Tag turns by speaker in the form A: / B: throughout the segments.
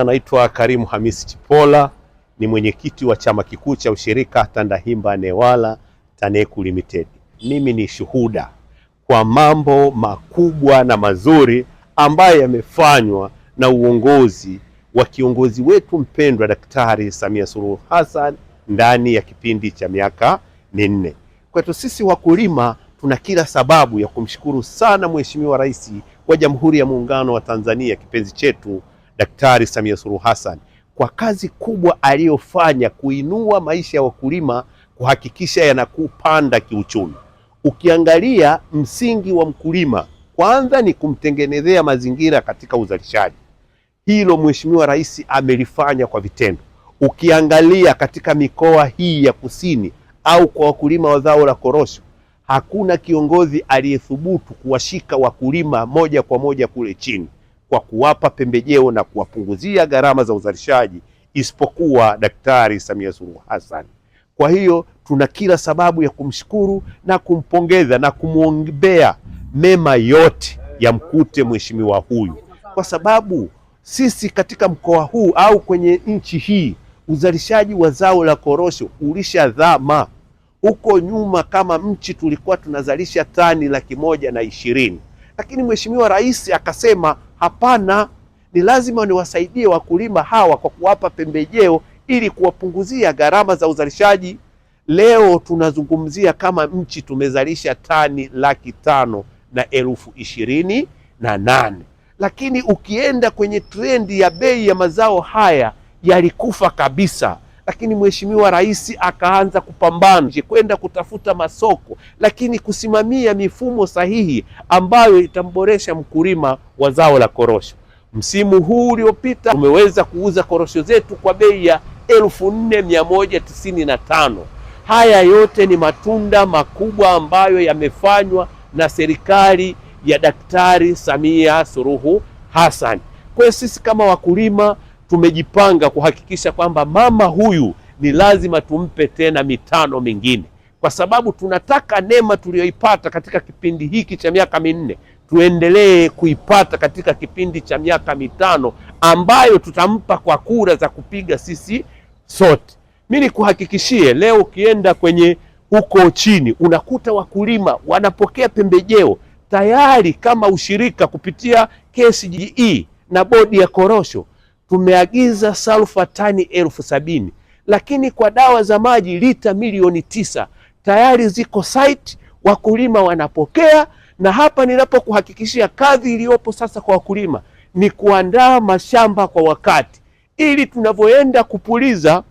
A: Anaitwa Karimu Hamisi Chipola, ni mwenyekiti wa chama kikuu cha ushirika Tandahimba Newala Taneku Limited. Mimi ni shuhuda kwa mambo makubwa na mazuri ambayo yamefanywa na uongozi wa kiongozi wetu mpendwa Daktari Samia Suluhu Hassan ndani ya kipindi cha miaka minne. Kwetu sisi wakulima tuna kila sababu ya kumshukuru sana Mheshimiwa Rais wa Jamhuri ya Muungano wa Tanzania, kipenzi chetu Daktari Samia Suluhu Hassan kwa kazi kubwa aliyofanya kuinua maisha ya wakulima, kuhakikisha yanakupanda kiuchumi. Ukiangalia msingi wa mkulima kwanza ni kumtengenezea mazingira katika uzalishaji. Hilo Mheshimiwa Rais amelifanya kwa vitendo. Ukiangalia katika mikoa hii ya kusini au kwa wakulima wa zao la korosho, hakuna kiongozi aliyethubutu kuwashika wakulima moja kwa moja kule chini kwa kuwapa pembejeo na kuwapunguzia gharama za uzalishaji isipokuwa Daktari Samia Suluhu Hassan. Kwa hiyo tuna kila sababu ya kumshukuru na kumpongeza na kumwombea mema yote yamkute mheshimiwa huyu, kwa sababu sisi katika mkoa huu au kwenye nchi hii uzalishaji wa zao la korosho dhama Huko nyuma kama nchi tulikuwa tunazalisha tani laki moja na ishirini, lakini mheshimiwa Rais akasema Hapana, ni lazima niwasaidie wakulima hawa kwa kuwapa pembejeo ili kuwapunguzia gharama za uzalishaji. Leo tunazungumzia kama nchi tumezalisha tani laki tano na elfu ishirini na nane lakini ukienda kwenye trendi ya bei ya mazao haya yalikufa kabisa lakini Mheshimiwa Rais akaanza kupambana kwenda kutafuta masoko, lakini kusimamia mifumo sahihi ambayo itamboresha mkulima wa zao la korosho. Msimu huu uliopita umeweza kuuza korosho zetu kwa bei ya elfu nne mia moja tisini na tano. Haya yote ni matunda makubwa ambayo yamefanywa na serikali ya Daktari Samia Suluhu Hassan. Kwa sisi kama wakulima tumejipanga kuhakikisha kwamba mama huyu ni lazima tumpe tena mitano mingine, kwa sababu tunataka neema tuliyoipata katika kipindi hiki cha miaka minne tuendelee kuipata katika kipindi cha miaka mitano ambayo tutampa kwa kura za kupiga sisi sote. Mi nikuhakikishie leo, ukienda kwenye huko chini unakuta wakulima wanapokea pembejeo tayari kama ushirika kupitia KCGE na bodi ya korosho tumeagiza salfa tani elfu sabini lakini kwa dawa za maji lita milioni tisa tayari ziko site, wakulima wanapokea. Na hapa ninapokuhakikishia kadhi iliyopo sasa kwa wakulima ni kuandaa mashamba kwa wakati, ili tunavyoenda kupuliza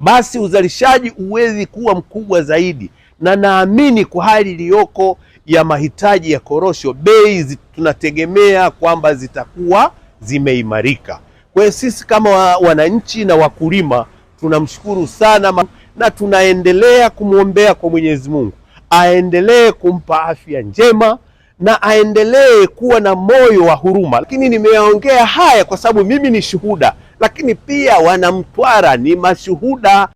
A: basi uzalishaji uwezi kuwa mkubwa zaidi, na naamini kwa hali iliyoko ya mahitaji ya korosho, bei tunategemea kwamba zitakuwa zimeimarika. Kwa hiyo sisi kama wananchi na wakulima tunamshukuru sana na tunaendelea kumwombea kwa Mwenyezi Mungu aendelee kumpa afya njema na aendelee kuwa na moyo wa huruma. Lakini nimeyaongea haya kwa sababu mimi ni shuhuda, lakini pia Wanamtwara ni mashuhuda.